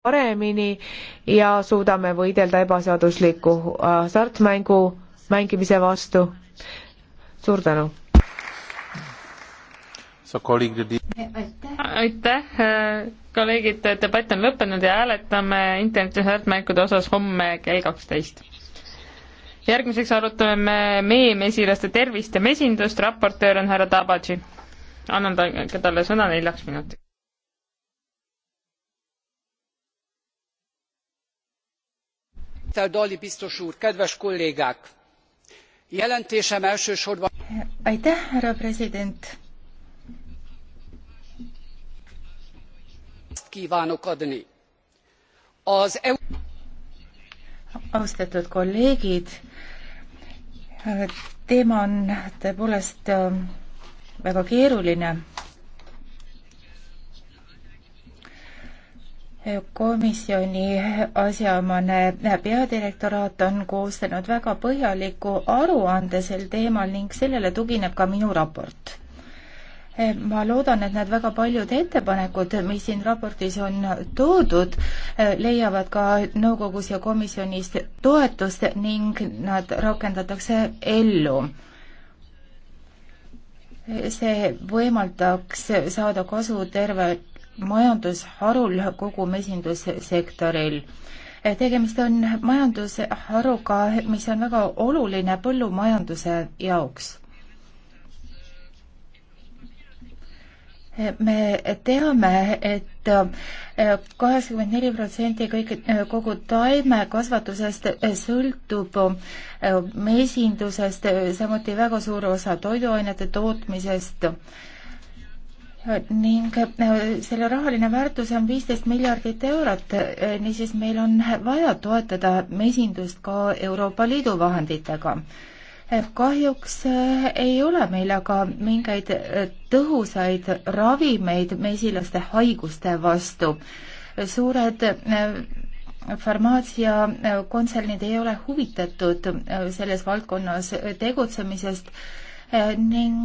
paremini ja suudame võidelda ebaseadusliku äh, hasartmängu mängimise vastu. suur tänu! aitäh, äh, kolleegid, debatt on lõppenud ja hääletame interneti hasartmängude osas homme kell kaksteist. järgmiseks arutame me meemesilaste tervist ja mesindust, raportöör on härra Tabatši. annan talle sõna neljaks minutiks. tisztelt dalli biztos úr kedves kollégák! jelentésem elsősorban. aitäh härra president! kvánok adni. az. austatud kolleegid! teema on tõepoolest ähm, väga keeruline komisjoni asjaomane peadirektoraat on koostanud väga põhjaliku aruande sel teemal ning sellele tugineb ka minu raport. ma loodan, et need väga paljud ettepanekud, mis siin raportis on toodud, leiavad ka nõukogus ja komisjonis toetust ning nad rakendatakse ellu see võimaldaks saada kasu terve majandusharul kogu mesindussektoril. Eh, tegemist on majandusharuga, mis on väga oluline põllumajanduse jaoks. Eh, me teame et, et eh, kaheksakümmend neli protsenti kõik, kogu taimekasvatusest sõltub mesindusest, samuti väga suur osa toiduainete tootmisest ning äh, selle rahaline väärtus on viisteist miljardit eurot, äh, niisiis meil on vaja toetada mesindust ka Euroopa Liidu vahenditega. Äh, kahjuks ei ole meil aga mingeid tõhusaid ravimeid mesilaste haiguste vastu. suured farmaatsiakontsernid ei ole huvitatud selles valdkonnas tegutsemisest ning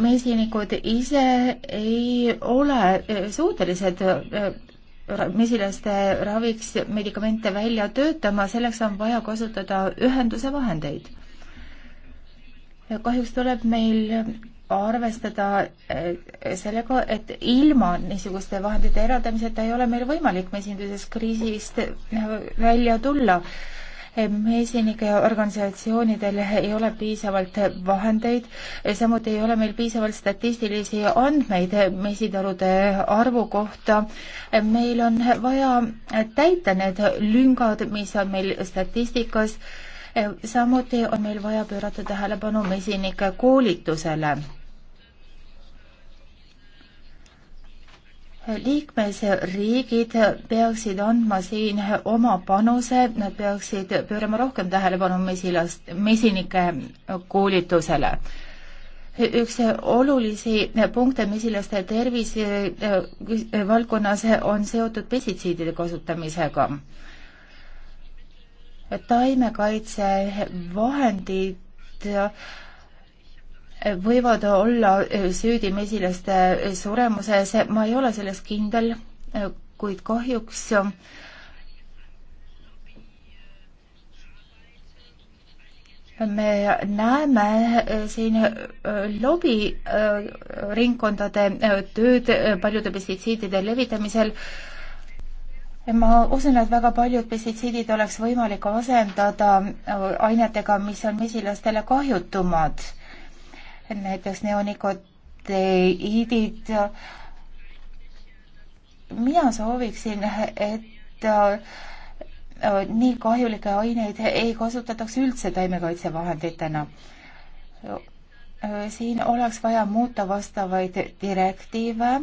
mesinikud ise ei ole eh, suutelised eh, mesilaste raviks medikamente välja töötama, selleks on vaja kasutada ühenduse vahendeid. kahjuks tuleb meil arvestada eh, sellega, et ilma niisuguste vahendite eraldamiseta ei ole meil võimalik mesinduses kriisist välja tulla mesinike organisatsioonidel ei ole piisavalt vahendeid, samuti ei ole meil piisavalt statistilisi andmeid mesitalude arvu kohta. meil on vaja täita need lüngad, mis on meil statistikas. samuti on meil vaja pöörata tähelepanu mesinike koolitusele liikmesriigid peaksid andma siin oma panuse, nad peaksid pöörama rohkem tähelepanu mesilast, mesinike koolitusele. üks olulisi punkte mesilaste tervise eh, eh, valdkonnas on seotud pestitsiidide kasutamisega. taimekaitsevahendid võivad olla äh, süüdi mesilaste äh, suremuses, ma ei ole selles kindel, äh, kuid kahjuks me näeme siin lobiringkondade tööd paljude pestitsiidide levitamisel ma usun, et väga paljud pestitsiidid oleks võimalik asendada ainetega, mis on mesilastele kahjutumad näiteks neonikotiidid. mina sooviksin, et äh, nii kahjulikke aineid ei kasutataks üldse taimekaitsevahenditena. siin oleks vaja muuta vastavaid direktiive,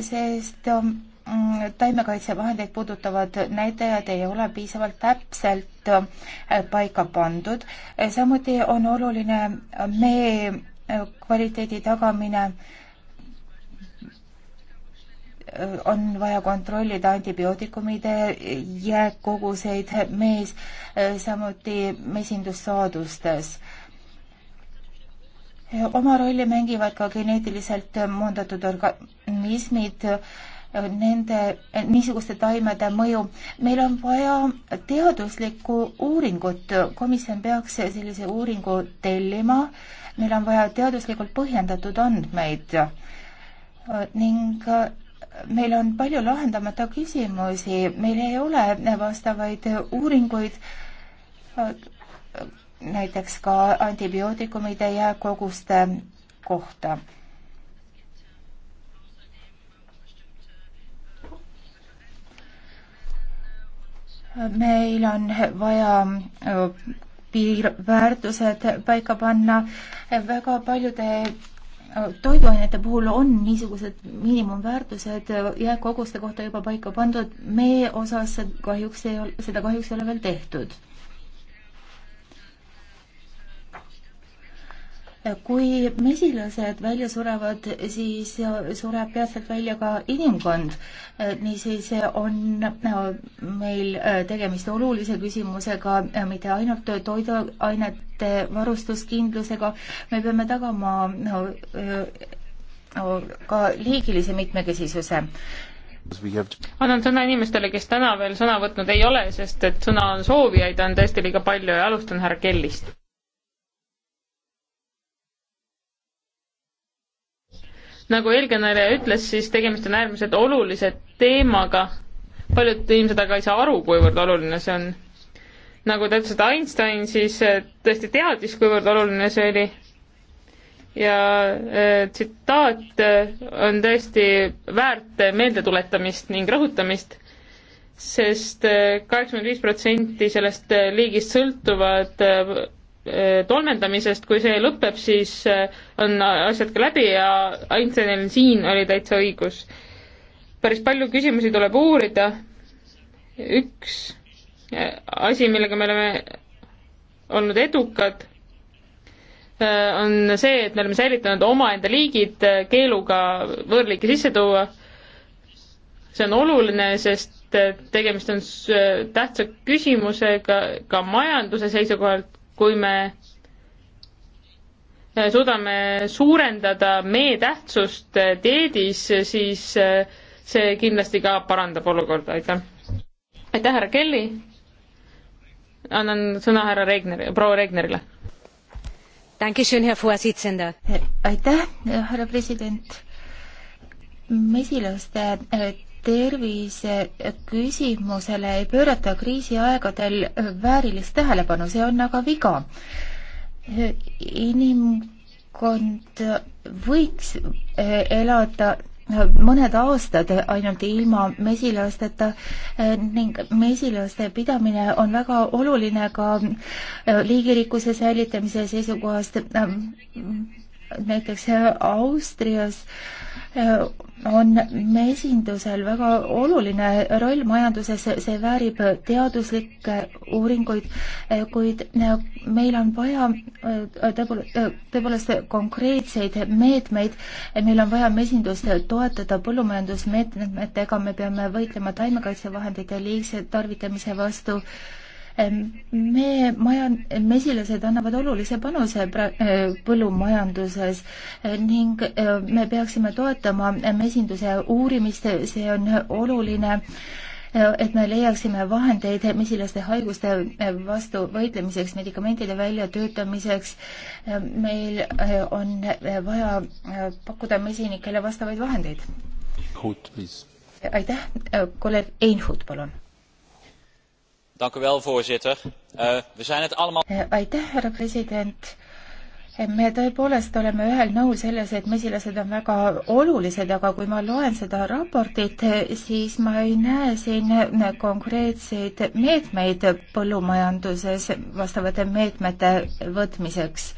sest äh, Mm, taimekaitsevahendeid puudutavad näitajad ei ole piisavalt täpselt äh, paika pandud. Äh, samuti on oluline mee äh, kvaliteedi tagamine. on vaja kontrollida antibiootikumide jääkkoguseid mees, samuti mesindussaadustes oma rolli mängivad ka geneetiliselt muundatud organismid, nende, niisuguste taimede mõju. meil on vaja teaduslikku uuringut, komisjon peaks sellise uuringu tellima, meil on vaja teaduslikult põhjendatud andmeid ning meil on palju lahendamata küsimusi, meil ei ole vastavaid uuringuid, näiteks ka antibiootikumide jääkoguste kohta meil on vaja äh, piir, väärtused paika panna, väga paljude äh, toiduainete puhul on niisugused miinimumväärtused äh, jääkkoguste kohta juba paika pandud, mee osas kahjuks ei ole, seda kahjuks ei ole veel tehtud kui mesilased välja surevad, siis sureb peatselt välja ka inimkond. Äh, niisiis on äh, meil äh, tegemist olulise küsimusega, mitte ainult toiduainete varustuskindlusega, me peame tagama no, no, ka liigilise mitmekesisuse annan sõna inimestele, kes täna veel sõna võtnud ei ole, sest et sõna on soovijaid, on tõesti liiga palju ja alustan härra Kellist nagu eelkõneleja ütles, siis tegemist on äärmiselt olulise teemaga. paljud inimesed aga ei saa aru, kuivõrd oluline see on. nagu ta ütles, et Einstein siis äh, tõesti teadis, kuivõrd oluline see oli. ja äh, tsitaat äh, on tõesti väärt meeldetuletamist ning rõhutamist sest äh, kaheksakümmend viis protsenti sellest liigist sõltuvad Äh, tolmendamisest, kui see lõpeb, siis äh, on asjad ka läbi ja Einsteinil siin oli täitsa õigus. päris palju küsimusi tuleb uurida, üks äh, asi, millega me oleme olnud edukad, on see, et me oleme säilitanud omaenda liigid keeluga võõrliike sisse tuua. see on oluline, sest tegemist on tähtsa küsimusega ka majanduse seisukohalt, kui me suudame suurendada mee tähtsust dieedis, siis see kindlasti ka parandab olukorda, aitäh. aitäh, härra Kelly. annan sõna härra Regner, proua Regnerile. aitäh, härra president. mesilaste tervise küsimusele ei pöörata kriisiaegadel väärilist tähelepanu, see on aga viga. inimkond võiks eh, elada mõned aastad ainult ilma mesilasteta eh, ning mesilaste pidamine on väga oluline ka eh, liigirikkuse säilitamise seisukohast näiteks Austrias äh, on mesindusel väga oluline roll majanduses, see väärib teaduslikke uuringuid, äh, kuid äh, meil on vaja tõepoolest konkreetseid meetmeid, meil on vaja mesindust toetada põllumajandusmeetmetega, me peame võitlema taimekaitsevahendite liigse tarvitamise vastu me majan-, mesilased annavad olulise panuse pra-, eh, põllumajanduses eh, ning eh, me peaksime toetama mesinduse uurimist, see on oluline et me leiaksime vahendeid mesilaste haiguste vastu võitlemiseks, medikamentide väljatöötamiseks. meil on vaja pakkuda mesinikele vastavaid vahendeid. aitäh, kolleeg Einhut, palun. Eh, eh, aitäh, härra president eh, me tõepoolest oleme ühel nõul selles, et mesilased on väga olulised, aga kui ma loen seda raportit, siis ma ei näe siin konkreetseid meetmeid põllumajanduses vastavate meetmete võtmiseks.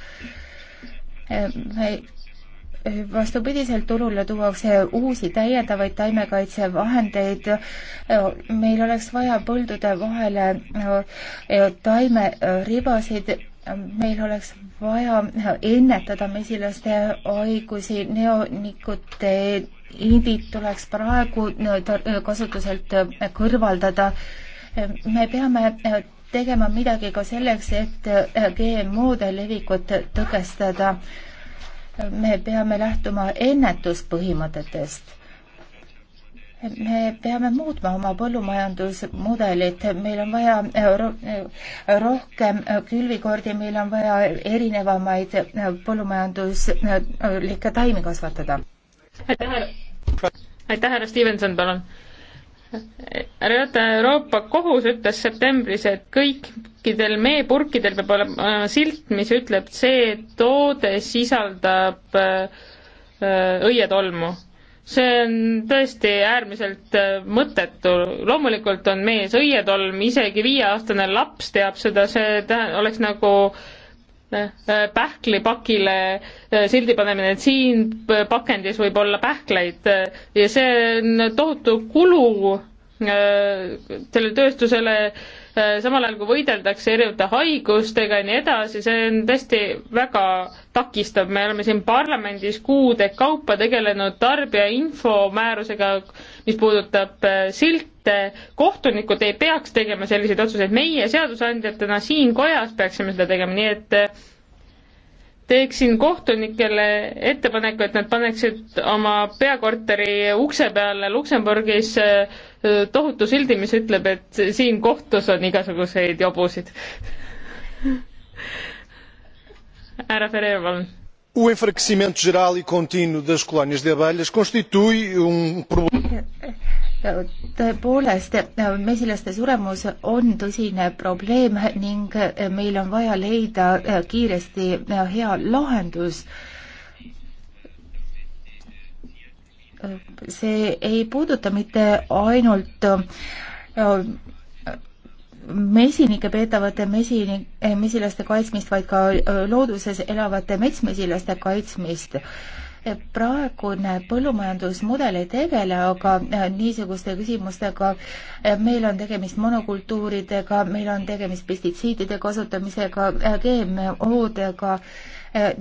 me vastupidiselt turule tuuakse uusi täiendavaid taimekaitsevahendeid. meil oleks vaja põldude vahele äh, taimeribasid, meil oleks vaja ennetada mesilaste haigusi, neonikoteedid tuleks praegu kasutuselt kõrvaldada. me peame äh, tegema midagi ka selleks, et äh, GMO-de levikut tõkestada me peame lähtuma ennetuspõhimõtetest me peame muutma oma põllumajandusmudelit, meil on vaja rohkem külvikordi, meil on vaja erinevamaid põllumajanduslikke taimi kasvatada. aitäh, härra Stevenson, palun härra juhataja, Euroopa Kohus ütles septembris, et kõikidel meepurkidel peab olema silt, mis ütleb, see toode sisaldab äh, õietolmu. see on tõesti äärmiselt äh, mõttetu, loomulikult on mees õietolm, isegi viieaastane laps teab seda, see tähe-, oleks nagu äh, Äh, pähklipakile äh, sildi panemine, et siin äh, pakendis võib olla pähkleid ja see on tohutu kulu sellele tööstusele Eh, samal ajal kui võideldakse erinevate haigustega ja nii edasi, see on tõesti väga takistav, me oleme siin parlamendis kuude kaupa tegelenud tarbija infomäärusega, mis puudutab eh, silte, kohtunikud ei peaks tegema selliseid otsuseid, meie seadusandjatena siin kojas peaksime seda tegema, nii et eh, teeksin kohtunikele ettepaneku, et nad paneksid oma peakorteri ukse peale Luksemburgis äh, tohutu sildi, mis ütleb, et siin kohtus on igasuguseid jobusid. härra Ferreira, palun. O enfraquecimento geral e contínuo das colónias de abelhas constitui um problema tõepoolest, mesilaste suremus on tõsine probleem ning meil on vaja leida kiiresti hea lahendus. see ei puuduta mitte ainult äh, mesinike peetavate mesinik, mesilaste kaitsmist, vaid ka looduses elavate metsmesilaste kaitsmist praegune põllumajandusmudel ei tegele aga äh, niisuguste küsimustega. Äh, meil on tegemist monokultuuridega, meil on tegemist pestitsiidide kasutamisega, äh, GMO-dega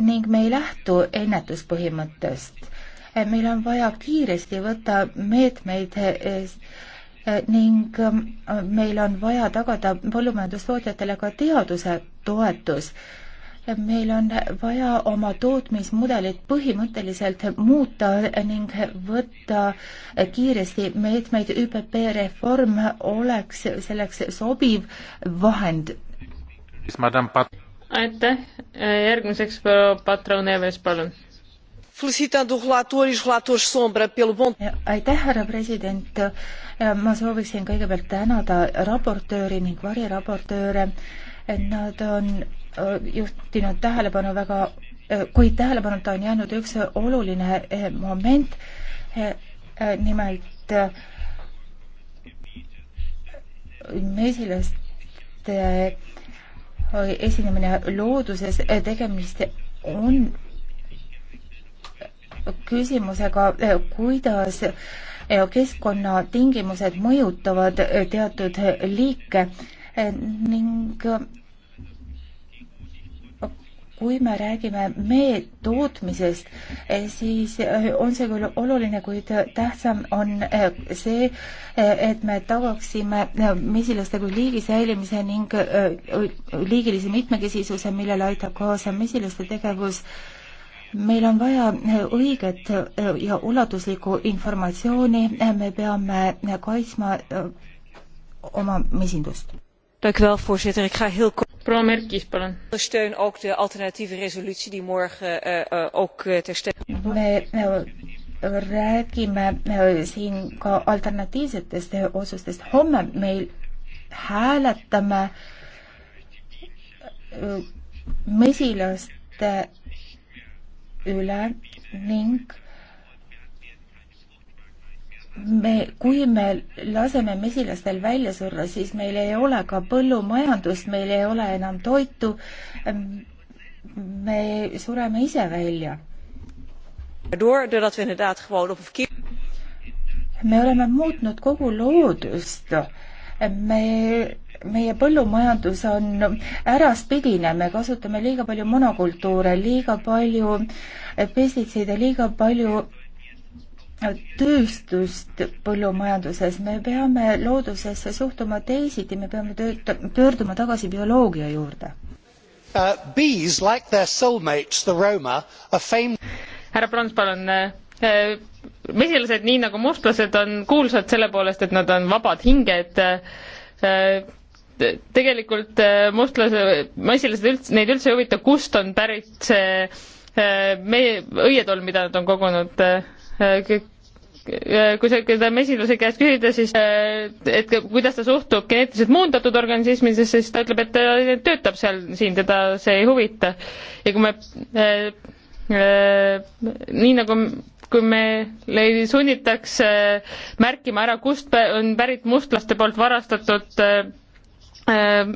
ning me ei lähtu ennetuspõhimõttest. meil on vaja kiiresti võtta meetmeid ning meil on vaja tagada põllumajandustootjatele ka teaduse toetus meil on vaja oma tootmismudelit põhimõtteliselt muuta ning võtta kiiresti meetmeid. ÜPP reform oleks selleks sobiv vahend. aitäh, järgmiseks patroon Eves, palun. Felicitando relatores, relatores sombra pelo bom. aitäh, härra president. ma sooviksin kõigepealt tänada raportööri ning variraportööre. Nad on Äh, juhtinud tähelepanu väga, äh, kuid tähelepanuta on jäänud üks oluline äh, moment, nimelt mesilaste esinemine looduses, tegemist on küsimusega, kuidas keskkonnatingimused mõjutavad teatud liike ning kui me räägime mee tootmisest, eh, siis eh, on see küll oluline, kuid tähtsam on eh, see, et me tagaksime mesilaste kui liigi säilimise ning liigilise mitmekesisuse, millele aitab kaasa mesilaste tegevus. meil on vaja õiget ja ulatuslikku informatsiooni, me peame kaitsma oma mesindust voorzitter ik ga heel kort. proua merkies palun. ondersteun ook de alternatieve resolutie die morgen eh, eh, ook eh, ter stemme. me räägime siin ka alternatiivsetest otsustest. homme meil hääletame mesilaste üle ning me, kui me laseme mesilastel välja surra, siis meil ei ole ka põllumajandust, meil ei ole enam toitu. me sureme ise välja. me oleme muutnud kogu loodust. me, meie põllumajandus on äraspidine, me kasutame liiga palju monokultuure, liiga palju pestitsiide, liiga palju tööstust põllumajanduses, me peame loodusesse suhtuma teisiti, me peame tööta-, pöörduma tagasi bioloogia juurde uh,. Bees, like their soulmates, the Roma, are famed härra Prants, palun uh, uh mesilased, nii nagu mustlased, on kuulsad selle poolest, et nad on vabad hinged uh,. uh tegelikult uh, mustlased, mesilased üldse, neid üldse ei huvita, kust on pärit see meie õietolm, mida nad on kogunud kõik Äh, kui sa seda mesinduse käest küsida, siis äh, et kuidas ta suhtub geneetiliselt muundatud organismidesse, siis ta ütleb, et ta äh, töötab seal, siin teda see ei huvita. ja kui me äh, äh, nii nagu kui meile sunnitakse äh, märkima ära, kust on pärit mustlaste poolt varastatud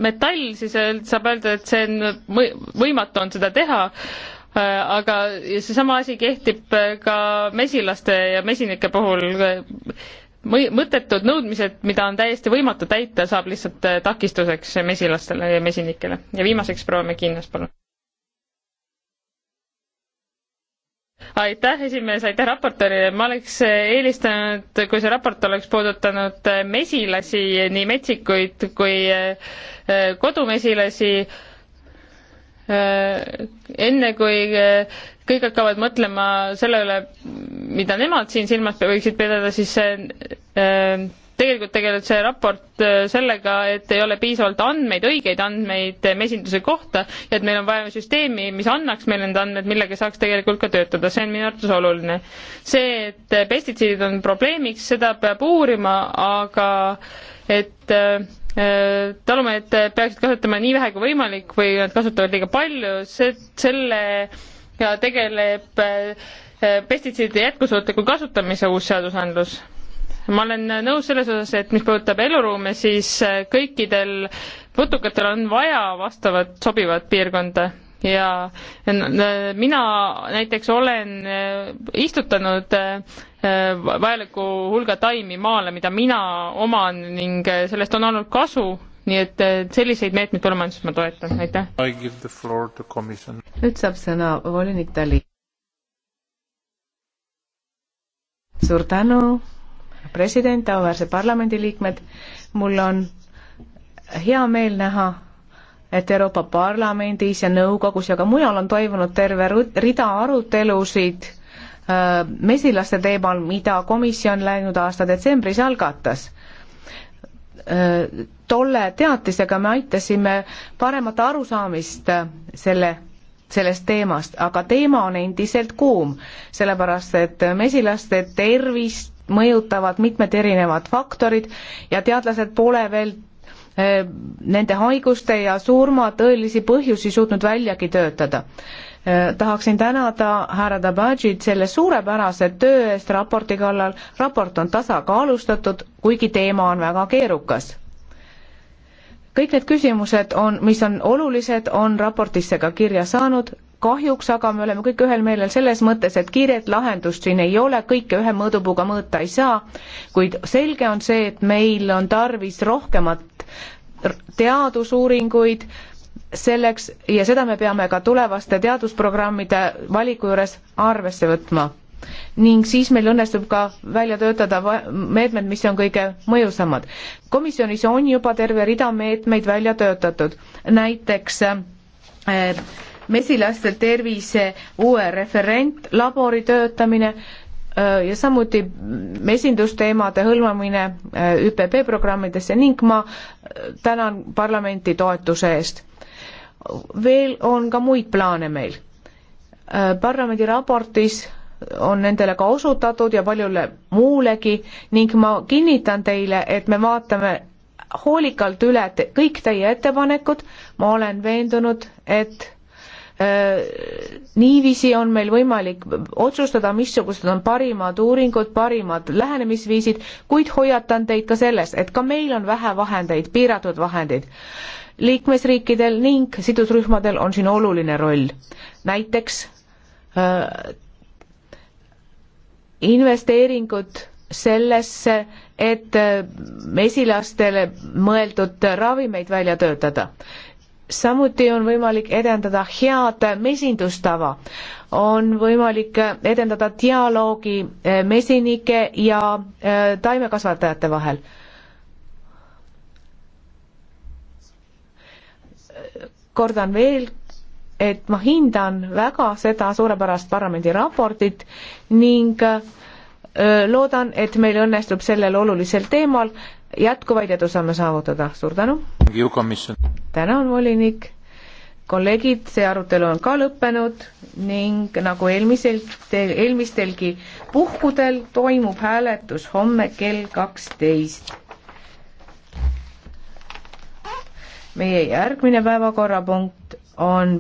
metall, siis saab öelda, et see on, võimatu on seda teha Äh, aga seesama asi kehtib äh, ka mesilaste ja mesinike puhul. mõttetud nõudmised, mida on täiesti võimatu täita, saab lihtsalt äh, takistuseks mesilastele ja mesinikele. ja viimaseks proovime Kiinas, palun. aitäh, esimees, aitäh raportöörile, ma oleks eelistanud, kui see raport oleks puudutanud mesilasi, nii metsikuid kui kodumesilasi Äh, enne kui äh, kõik hakkavad mõtlema selle üle, mida nemad siin silmas võiksid pidada, siis see äh, tegelikult tegeleb see raport sellega, et ei ole piisavalt andmeid, õigeid andmeid mesinduse kohta ja et meil on vaja süsteemi, mis annaks meile need andmed, millega saaks tegelikult ka töötada, see on minu arvates oluline. see, et pestitsiidid on probleemiks, seda peab uurima, aga et äh, talumehed peaksid kasutama nii vähe kui võimalik või nad kasutavad liiga palju, see, sellega tegeleb äh, pestitsiidide jätkusuutliku kasutamise uus seadusandlus. ma olen nõus selles osas, et mis puudutab eluruume, siis äh, kõikidel putukatel on vaja vastavat sobivat piirkonda ja mina näiteks olen äh, istutanud Äh, vajaliku hulga taimi maale, mida mina oman ning äh, sellest on olnud kasu, nii et äh, selliseid meetmeid põllumajanduses ma toetan, aitäh. nüüd saab sõna volinik Tali. suur tänu, president, auväärsed parlamendiliikmed, mul on hea meel näha, et Euroopa Parlamendis ja nõukogus ja ka mujal on toimunud terve rida arutelusid Äh, mesilaste teemal, mida komisjon läinud aasta detsembris algatas. Äh, tolle teatisega me aitasime paremat arusaamist selle sellest teemast, aga teema on endiselt kuum, sellepärast et mesilaste tervist mõjutavad mitmed erinevad faktorid ja teadlased pole veel äh, nende haiguste ja surma tõelisi põhjusi suutnud väljagi töötada. Äh, tahaksin tänada härra Dabadžit selle suurepärase töö eest raporti kallal, raport on tasakaalustatud, kuigi teema on väga keerukas. kõik need küsimused on, mis on olulised, on raportisse ka kirja saanud, kahjuks aga me oleme kõik ühel meelel selles mõttes, et kiiret lahendust siin ei ole, kõike ühe mõõdupuuga mõõta ei saa, kuid selge on see, et meil on tarvis rohkemat teadusuuringuid, selleks ja seda me peame ka tulevaste teadusprogrammide valiku juures arvesse võtma. ning siis meil õnnestub ka välja töötada meetmed, mis on kõige mõjusamad. komisjonis on juba terve rida meetmeid välja töötatud, näiteks äh, mesilaste tervise uue referentlabori töötamine äh, ja samuti mesindusteemade hõlmamine äh, ÜPP programmidesse ning ma äh, tänan parlamenti toetuse eest veel on ka muid plaane meil. Äh, parlamendi raportis on nendele ka osutatud ja paljule muulegi ning ma kinnitan teile, et me vaatame hoolikalt üle kõik teie ettepanekud, ma olen veendunud, et Äh, niiviisi on meil võimalik otsustada, missugused on parimad uuringud, parimad lähenemisviisid, kuid hoiatan teid ka selles, et ka meil on vähe vahendeid, piiratud vahendeid. liikmesriikidel ning sidusrühmadel on siin oluline roll. näiteks äh, investeeringud sellesse, et äh, mesilastele mõeldud ravimeid välja töötada samuti on võimalik edendada head mesindustava, on võimalik edendada dialoogi eh, mesinike ja eh, taimekasvatajate vahel. kordan veel, et ma hindan väga seda suurepärast parlamendi raportit ning eh, loodan, et meil õnnestub sellel olulisel teemal jätkuvaid edusamme saavutada. suur tänu! tänan, volinik, kolleegid, see arutelu on ka lõppenud ning nagu eelmiselt, eelmistelgi puhkudel toimub hääletus homme kell kaksteist. meie järgmine päevakorrapunkt on